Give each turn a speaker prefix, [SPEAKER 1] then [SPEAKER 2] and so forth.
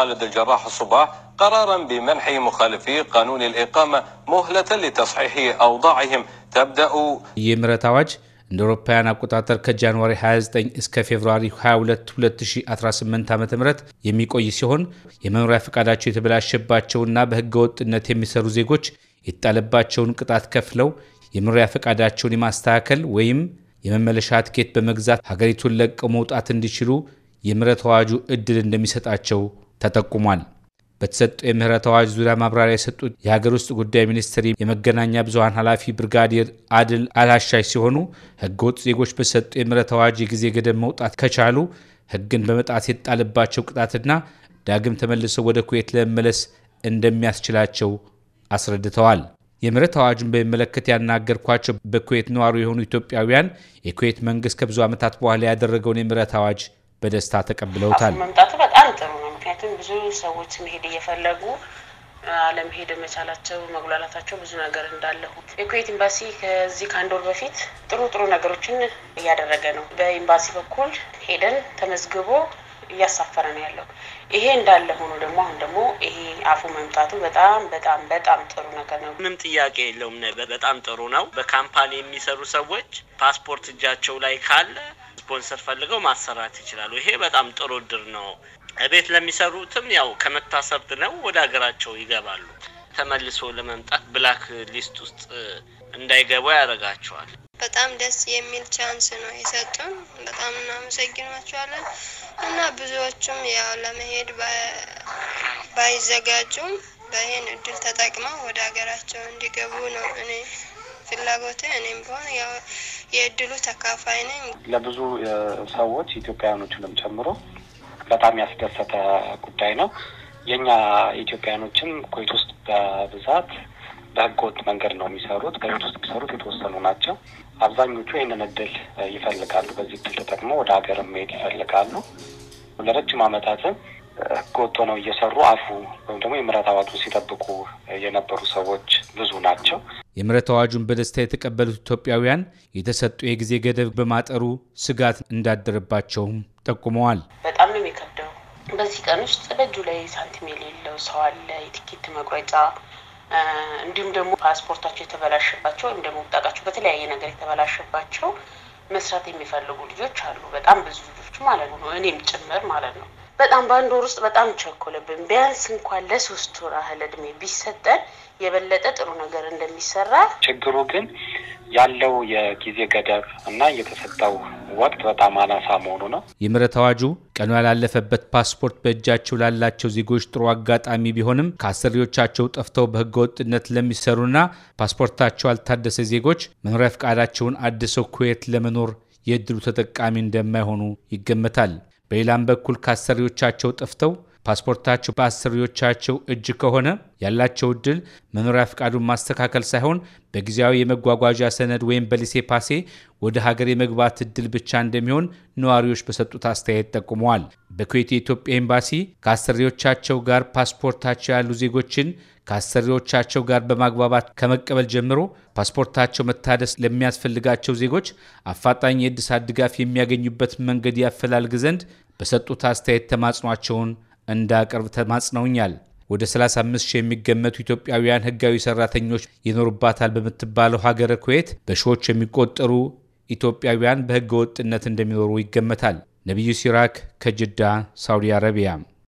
[SPEAKER 1] خالد الجراح الصباح قرارا بمنح مخالفي قانون الإقامة مهلة لتصحيح أوضاعهم تبدأ የምህረት አዋጅ እንደ አቆጣጠር ከጃንዋሪ 29 እስከ ፌብርዋሪ 22 2018 ዓ ም የሚቆይ ሲሆን የመኖሪያ ፈቃዳቸው የተበላሸባቸውና በሕገ ወጥነት የሚሰሩ ዜጎች የተጣለባቸውን ቅጣት ከፍለው የመኖሪያ ፈቃዳቸውን የማስተካከል ወይም የመመለሻ ትኬት በመግዛት ሀገሪቱን ለቀው መውጣት እንዲችሉ የምረት አዋጁ ዕድል እንደሚሰጣቸው ተጠቁሟል። በተሰጡ የምህረት አዋጅ ዙሪያ ማብራሪያ የሰጡት የሀገር ውስጥ ጉዳይ ሚኒስትር የመገናኛ ብዙሀን ኃላፊ ብርጋዴር አድል አላሻሽ ሲሆኑ ህገወጥ ዜጎች በተሰጡ የምህረት አዋጅ የጊዜ ገደብ መውጣት ከቻሉ ህግን በመጣት የጣለባቸው ቅጣትና ዳግም ተመልሰው ወደ ኩዌት ለመመለስ እንደሚያስችላቸው አስረድተዋል። የምህረት አዋጁን በሚመለከት ያናገርኳቸው በኩዌት ነዋሪ የሆኑ ኢትዮጵያውያን የኩዌት መንግስት ከብዙ ዓመታት በኋላ ያደረገውን የምህረት አዋጅ በደስታ ተቀብለውታል።
[SPEAKER 2] መምጣቱ በጣም ጥሩ ነው። ምክንያቱም ብዙ ሰዎች መሄድ እየፈለጉ አለመሄድ መቻላቸው መጉላላታቸው ብዙ ነገር እንዳለሁ የኩዌት ኤምባሲ ከዚህ ከአንድ ወር በፊት ጥሩ ጥሩ ነገሮችን እያደረገ ነው። በኤምባሲ በኩል ሄደን ተመዝግቦ እያሳፈረ ነው ያለው። ይሄ እንዳለ ሆኖ ደግሞ አሁን ደግሞ ይሄ አፉ መምጣቱ በጣም በጣም በጣም ጥሩ ነገር ነው። ምንም ጥያቄ የለውም። በጣም ጥሩ ነው። በካምፓኒ የሚሰሩ ሰዎች ፓስፖርት እጃቸው ላይ ካለ ስፖንሰር ፈልገው ማሰራት ይችላሉ። ይሄ በጣም ጥሩ እድር ነው። ቤት ለሚሰሩትም ያው ከመታሰብ ነው ወደ ሀገራቸው ይገባሉ። ተመልሶ ለመምጣት ብላክ ሊስት ውስጥ እንዳይገቡ ያደርጋቸዋል።
[SPEAKER 1] በጣም ደስ የሚል ቻንስ ነው የሰጡን። በጣም እናመሰግናቸዋለን
[SPEAKER 2] እና ብዙዎቹም ያው ለመሄድ ባይዘጋጁም በይህን እድል ተጠቅመው ወደ ሀገራቸው እንዲገቡ ነው እኔ ፍላጎት እኔም ቢሆን የእድሉ ተካፋይ ነኝ።
[SPEAKER 3] ለብዙ ሰዎች ኢትዮጵያውያኖችንም ጨምሮ በጣም ያስደሰተ ጉዳይ ነው። የእኛ ኢትዮጵያኖችም ኩዌት ውስጥ በብዛት በህገ ወጥ መንገድ ነው የሚሰሩት። ከቤት ውስጥ የሚሰሩት የተወሰኑ ናቸው። አብዛኞቹ ይህንን እድል ይፈልጋሉ። በዚህ እድል ተጠቅመው ወደ ሀገር መሄድ ይፈልጋሉ። ለረጅም ዓመታትም ህገ ወጥ እየሰሩ አፉ ወይም ደግሞ የምህረት አዋጁን ሲጠብቁ የነበሩ ሰዎች ብዙ ናቸው።
[SPEAKER 1] የምህረት አዋጁን በደስታ የተቀበሉት ኢትዮጵያውያን የተሰጡ የጊዜ ገደብ በማጠሩ ስጋት እንዳደረባቸውም ጠቁመዋል።
[SPEAKER 2] በዚህ ቀን ውስጥ በእጁ ላይ ሳንቲም የሌለው ሰው አለ። የትኬት መቁረጫ እንዲሁም ደግሞ ፓስፖርታቸው የተበላሸባቸው ወይም ደግሞ ውጣቃቸው በተለያየ ነገር የተበላሸባቸው መስራት የሚፈልጉ ልጆች አሉ። በጣም ብዙ ልጆች ማለት ነው፣ እኔም ጭምር ማለት ነው። በጣም በአንድ ወር ውስጥ በጣም ቸኮለብን። ቢያንስ እንኳን ለሶስት ወር ያህል እድሜ ቢሰጠን የበለጠ ጥሩ ነገር እንደሚሰራ
[SPEAKER 3] ችግሩ ግን ያለው የጊዜ ገደብ እና የተሰጠው ወቅት በጣም አናሳ
[SPEAKER 1] መሆኑ ነው። የምህረት አዋጁ ቀኑ ያላለፈበት ፓስፖርት በእጃቸው ላላቸው ዜጎች ጥሩ አጋጣሚ ቢሆንም ከአሰሪዎቻቸው ጠፍተው በህገወጥነት ለሚሰሩና ፓስፖርታቸው አልታደሰ ዜጎች መኖሪያ ፈቃዳቸውን አድሰው ኩዌት ለመኖር የእድሉ ተጠቃሚ እንደማይሆኑ ይገመታል። በሌላም በኩል ከአሰሪዎቻቸው ጠፍተው ፓስፖርታቸው በአሰሪዎቻቸው እጅ ከሆነ ያላቸው እድል መኖሪያ ፍቃዱን ማስተካከል ሳይሆን በጊዜያዊ የመጓጓዣ ሰነድ ወይም በሊሴ ፓሴ ወደ ሀገር የመግባት እድል ብቻ እንደሚሆን ነዋሪዎች በሰጡት አስተያየት ጠቁመዋል። በኩዌት የኢትዮጵያ ኤምባሲ ከአሰሪዎቻቸው ጋር ፓስፖርታቸው ያሉ ዜጎችን ከአሰሪዎቻቸው ጋር በማግባባት ከመቀበል ጀምሮ ፓስፖርታቸው መታደስ ለሚያስፈልጋቸው ዜጎች አፋጣኝ የእድሳት ድጋፍ የሚያገኙበት መንገድ ያፈላልግ ዘንድ በሰጡት አስተያየት ተማጽኗቸውን እንዳቀርብ ተማጽነውኛል። ወደ 35 ሺህ የሚገመቱ ኢትዮጵያውያን ህጋዊ ሰራተኞች ይኖሩባታል በምትባለው ሀገረ ኩዌት በሺዎች የሚቆጠሩ ኢትዮጵያውያን በህገ ወጥነት እንደሚኖሩ ይገመታል። ነቢዩ ሲራክ ከጅዳ ሳውዲ አረቢያ